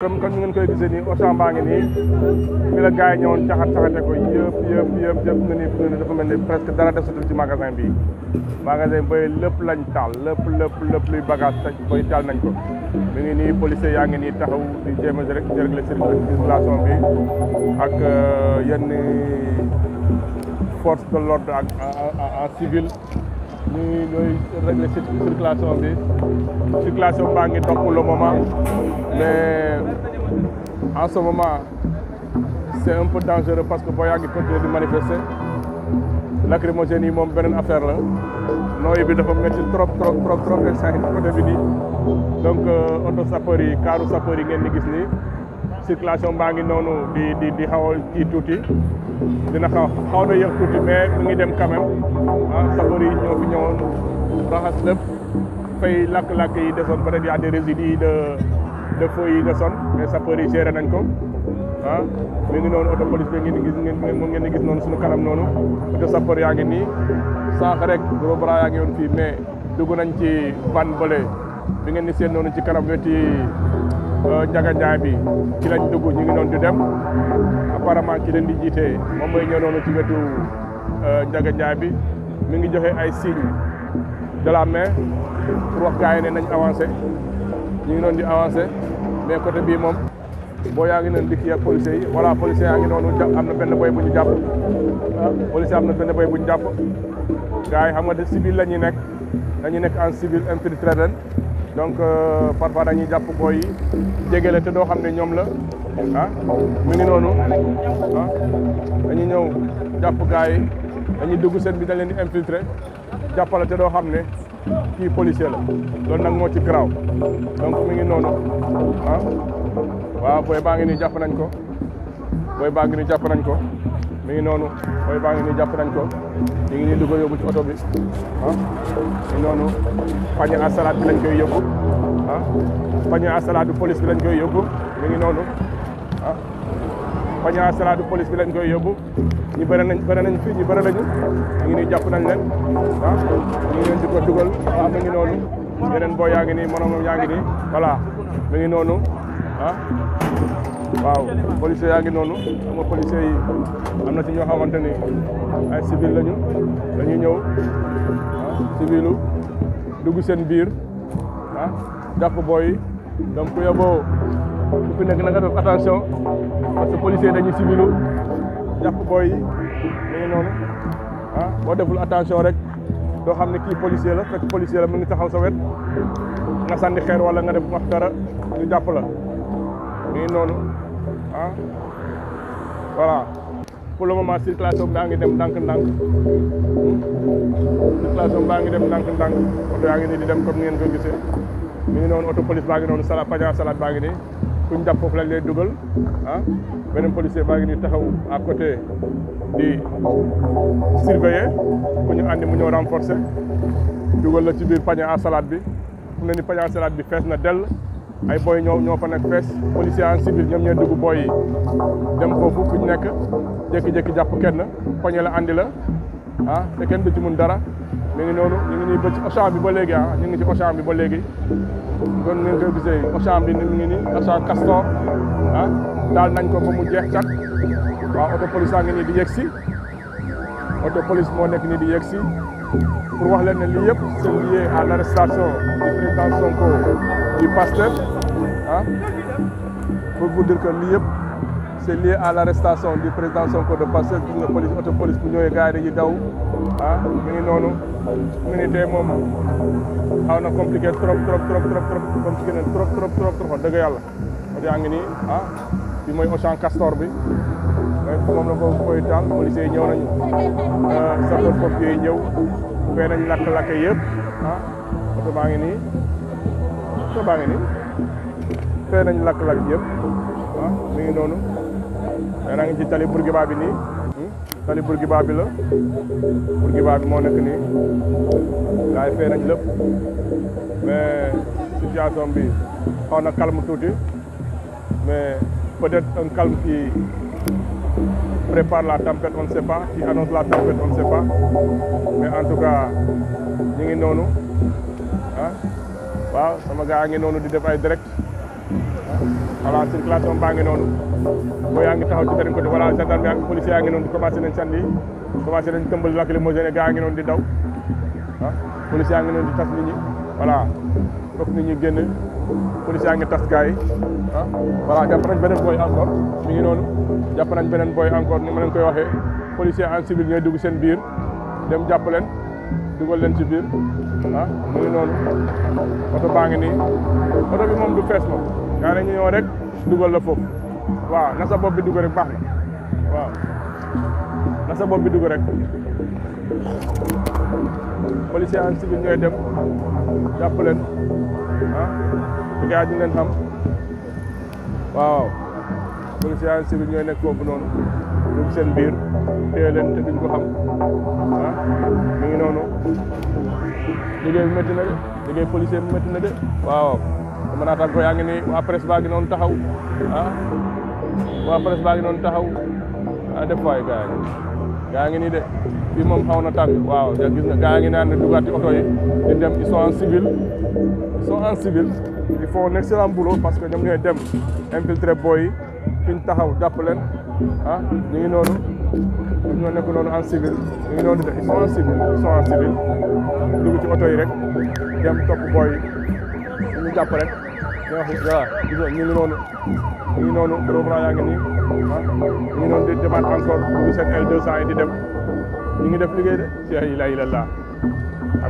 comme comme ni ngeen koy gisee nii oto baa ngi nii fi la gars yi ñëwoon caxat caxate ko yëpp yëpp yëpp yëpp na ni fi ne dafa mel ni presque dara desatul ci magasin bi magasin bay lépp lañ taal lépp lépp lépp luy bagage te bay taal nañ ko mi ngi nii policier yaa ngi nii taxaw di jéem a rek jërëgle circulation bi ak euh, yenn force de l'ordre ak en civil ñuy ñooy régler circulation bi circulation baa ngi topp le moment mais en ce moment c'est un peu dangereux parce que boo yaa ngi continuer di manifester lacrymogène yi moom beneen affaire la nooyi bi dafa metti trop trop trop trop instant côté bi nii donc euh, auto sapeur yi kaaru sapeur yi ngeen di gis circulation baa ngi noonu di di xaw a tuuti dina xaw xaw na yëg tuuti mais mu ngi dem quand même ah sapeurs yi ñoo fi ñëwoon raxas lépp fay lakk-lakk yi desoon peut-être y a des résidus de de feu yi desoon mais sapeurs yi géré nañ ko ah mi ngi noonu auto police bi ngeen di ngeen moom ngeen di gis noonu suñu kanam noonu auto sapeurs yaa ngi nii saax fii mais dugg nañ ci ban bële bi ngeen di seen noonu ci kanam weti Euh, Njaga Njaay bi ci lañ dugg ñu ngi noonu di dem apparemment ki leen di jiitee moom mooy ñëw noonu ci wetu euh, Njaga Njaay bi mi ngi joxe ay signe de la main pour wax gars yi ne nañ avancé ñu ngi noon di avancé mais côté bii moom boo yaa ngi di dikki ak policiers yi voilà policiers yaa ngi noonu am na benn boy bu ñu jàpp ah, am na benn boy bu ñu jàpp gars yi xam nga de civil la ñuy nekk dañuy nekk en civil infiltré donc euh, parfois dañuy jàpp booy yi la te doo xam ne ñoom la ah mu ngi noonu ah dañuy ñëw jàpp gars yi dañuy dugg seen bi dañ leen di infiltrer jàppale te doo xam ne kii policier la loolu nag moo ci garaaw donc mu ngi noonu ah waaw booy baa ngi ni jàpp nañ ko booy baa ngi nii jàpp nañ ko. mi noonu booy baa ngi nii jàpp nañ ko ñu ngi nii dugg yóbbu ci oto bi ah noonu pañe à salade bi koy yóbbu ah pañe à salade police bi lañ koy yóbbu mi ngi noonu ah pañe à police bi lañ koy yóbbu ñu bëri nañ bëri nañ fii ñu bëri jàpp nañ leen ah ñu ngi leen di ko dugal ah, noonu yeneen boo yaa ngi nii morom yaa ngi nii noonu ah. waaw policiers yaa ngi noonu xam nga policiers yi am na ci ñoo xamante ni ay civil lañu dañuy ñëw ah, civilu dugg seen biir ah jàpp booy yi donc yoboo ku nekk na nga def attention parce que policiers dañuy civilu jàpp booy yi dañuy noonu ah, boo deful attention rek doo xam ne kii policier la fekk policier la mu ngi taxaw sa wet nga sànni xeer wala nga def wax dara ñu jàpp la nii noonu ah voilà pour le moment circulation baa ngi dem ndànk-ndànk hmm? circulation baa ngi dem ndànk-ndànk oto yaa ngi nii di dem comme ngeen ko gisee mi ngi noonu oto police baa ngi noonu sala paja salat baa ngi nii kuñ jàpp foofu lañ lay dugal ah beneen policier baa ngi nii taxaw à côté di surveiller ku ñu àndi mu ñëw renforcer dugal la ci biir pañe à salade bi fu ne ni pañe à salade bi fees na dell ay booy ñoo ñoo fa nekk fees policier en civil ñoom ñooy dugg booy yi dem foofu fu ñu nekk jékki-jékki jàpp kenn poñe la andi la ah te kenn du mun dara mi ngi noonu ñu ngi nii ba ci léegi ah ñu ngi ci Auchan bi ba léegi kon ni nga koy gisee Auchan bi ni mu ngi nii Auchan Castor ah daal nañ ko ba mu jeex kat waaw auto police a ngi nii di yegg si auto police moo nekk nii di yegg si pour wax leen ne lii yëpp c'est lié à l'arrestation du président Sonko Pasteur ah pour vous dire lii yëpp c' est lié à l' bi du président Sonko de Pasteur gis nga police auto police bu ñëwee gars yi daw ah mu ngi noonu mu ngi tey moom xaw na compliqué trop trop trop trop trop compliqué na trop oto yaa ngi nii ah mooy Auchan Castor bi moom la ko koy taal policiers yi ñëw nañu ah, sapeurs pompiers yi ñëw fee nañ lakk-lakk yëpp ah oto baa ngi nii oto baa ngi nii fee nañ lakk-lakk yëpp ah mi ngi noonu yaa ngi ci tali Bourguiba bi nii hmm? tali Bourguiba bi la Bourguiba bi moo nekk nii gars yi fee nañ lépp mais situation bi xaw na calme tuuti mais peut-être un calme qui prépare la tempête on ne sait pas qui annonce la tempête on ne sait pas mais en tout cas ñu ngi noonu ah waaw sama gaa a ngi noonu di def ay direct voilà circulation baa ngi noonu boo yaa ngi taxaw ci beneen côté voilà gendarme yaa ngi ngi noonu di commencé nañ sànni commencé nañ tëmbal a ngi noonu di daw ah policier yaa ngi noonu di tas nit ñi voilà fokk nit ñi génn policier yaa ngi tas gars yi ah voilà jàpp nañ beneen booy encore mi ngi noonu jàpp nañ beneen booy encore ni ma leen koy waxee policier en civil ñooy dugg seen biir dem jàpp leen dugal leen ci ah muy loolu oto baa ngi nii oto bi moom du fees moom yaa ne ñu ñëw rek dugal la foofu waaw na sa bi dugg rek baax na waaw na sa bopp bi dugg rek policier en civil ñooy dem jàpp leen ah gars ñu leen xam waaw policier en civil ñooy nekk foofu noonu dugg seen biir téye te duñ ko xam ah, mu ngi noonu liggéey bi métti na de liggéey policier bi métti na de waaw dama naa yaa ngi nii waa presse baa ngi noonu taxaw ah waa presse baa ngi noonu taxaw ah def gaa ngi gaa ngi de fii moom xaw na tàgg waaw da gis na gaa ngi naan ne dugaat ci oto yi di dem ils sont en civil ils sont civil ils font un excellent boulot parce que ñoom ñooy dem infiltrer booy yi fi ñu taxaw jàpp leen ah ngi noonu ñoom ñoo nekk noonu en civil ñu ngi doon def ils sont en civil ils sont en civil dugg ci oto yi rek dem topp booy yi ñu jàpp rek ñu ngi noonu ñu ngi noonu groupement yaa ngi nii ah ñu ngi noonu di demaat encore ñu seen ay 200 yi di dem ñu ngi def liggéey de ci ay la xam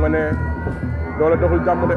nga ne doole doxul jàmm de.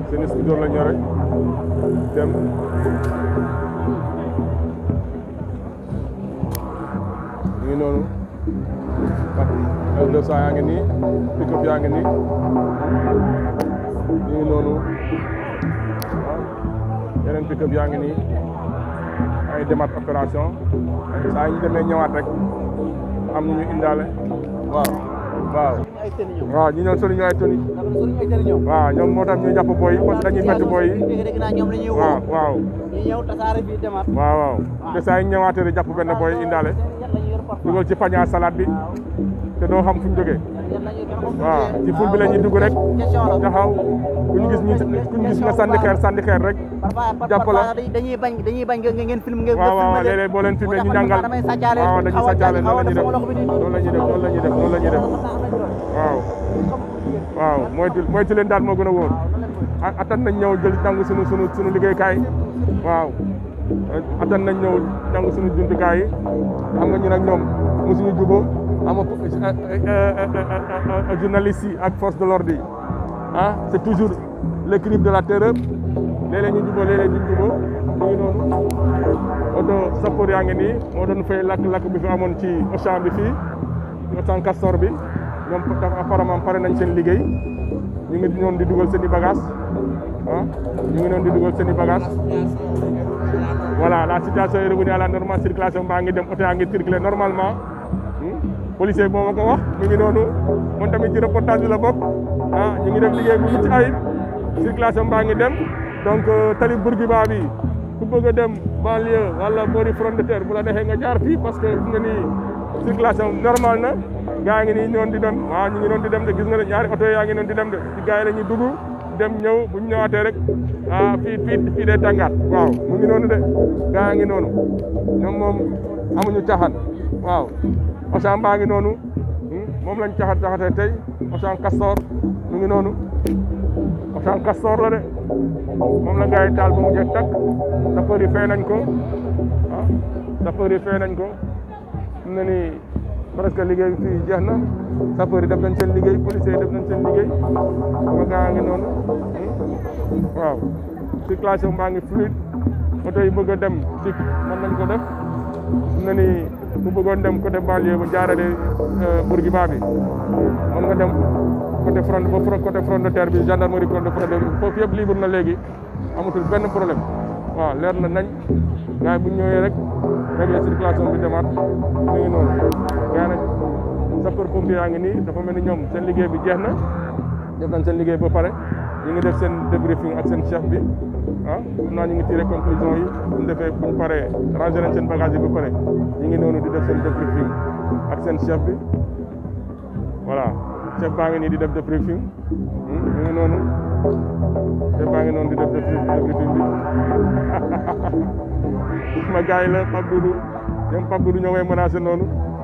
jeunesse bi doon rek dem ngi noonu L200 yaa ngi nii pick yaa ngi nii ñu ngi noonu yeneen pick-up yaa ngi nii ay demaat opération saa ñu rek am ñu indaale waaw waaw waa ñu ñëw soriñu ay tëni waaw ñoom moo tax ñu jàpp booy yi parce que dañuy métti booy yi waaw waaw waaw waaw te saa yi ñëwaatee jàpp benn booy indaale dugal ci paña salade bi doo xam fu ñu jógee waaw ci ful bi la dugg rek taxaw ku ñu gis ñu ku ñu gis nga sànni xeer rek jàpp dañuy bañ dañuy bañ ngeen film ngeen waaw waaw léeg-léeg boo leen filmé ñu jàngal waaw dañuy sàccaale noonu la ñuy def noonu la ñuy def noonu la ñuy def noonu waaw waaw moytu leen daal moo gën a wóor attan nañ ñëw jël nangu sunu sunu sunu liggéeykaay waaw attan nañ ñëw nangu sunu jumtukaay yi xam nga ñu nag ñoom mosuñu jubóo ama eh, eh, eh, journalistes yi ak force de l'ordre yi ah c'est toujours le crime de la terreur léeg-léeg ñu jubóo léeg-léeg ñu jubóo ñu ngi noonu oto sapeur yaa ngi nii moo doon fay lakk-lakk bi fi amoon ci Auchan bi fii Auchan Castor bi a apparemment pare nañ seen liggéey ñu ngi noonu di dugal seen i bagages ah ngi noonu di dugal i bagages voilà la situation est revenue à la normale circulation baa ngi dem oto yaa ngi circuler normalement policier boobu ko wax mi ngi noonu moom dem ci reportage bi la bokk ah ñu ngi def liggéey bu mucc ayib circulation baa ngi dem donc euh, tali Bourguiba bi ku bëgg a dem banlieue wala boori front de terre bu la defee nga jaar fii parce que gis nga ni circulation normal na gaa ngi ni ñoon di dem waaw ah, ñu ngi noon di dem de gis nga ne ñaari oto yaa ngi noon di dem de gaa la ñuy dugg dem ñëw bu ñu ñëwaatee rek ah fii fii fii day waaw mu ngi noonu de gaa ngi noonu ñoom moom amuñu caaxaan waaw Auchan baa ngi noonu hmm, moom lañ caxat caxatee tey Auchan Castor mu ngi noonu Auchan Castor la moom la gars yi taal ba mu jeex takk sapeur yi fay nañ ko ah sapeur yi fay nañ ko am na ni presque liggéey bi fii jeex na sapeur def nañ seen liggéey policiers def nañ seen liggéey sama gaa ngi noonu hmm, waaw circulation baa ngi fluide oto yi bëgg dem fii mën nañ ko def am na ni. bu bëggoon dem côté banlieue ba jaarale euh, Bourguiba bi mën nga dem côté front ba côté front de terre bi gendarmerie côté front de foofu yëpp libre na léegi amatul benn problème waaw leer na nañ gars yi bu ñu ñëwee rek régler circulation bi demaat a ngi noonu gars nag sapeur pompier yaa ngi nii dafa mel ni ñoom seen liggéey bi jeex na def nañ seen liggéey ba pare ñu ngi def seen fi ak seen chef bi ah xam naa ñu ngi tiré conclusion yi buñ defee buñ paree rangé nañ seen bagage yi ba pare ñu ngi noonu di def depi débriefing ak seen chef bi voilà chef baa ngi nii di def débriefing hmm, ñu ngi noonu chef baa ngi noonu di def débriefing bi ma gars yi la Pape Doudou ñoom Pape Doudou ñoo may menacé noonu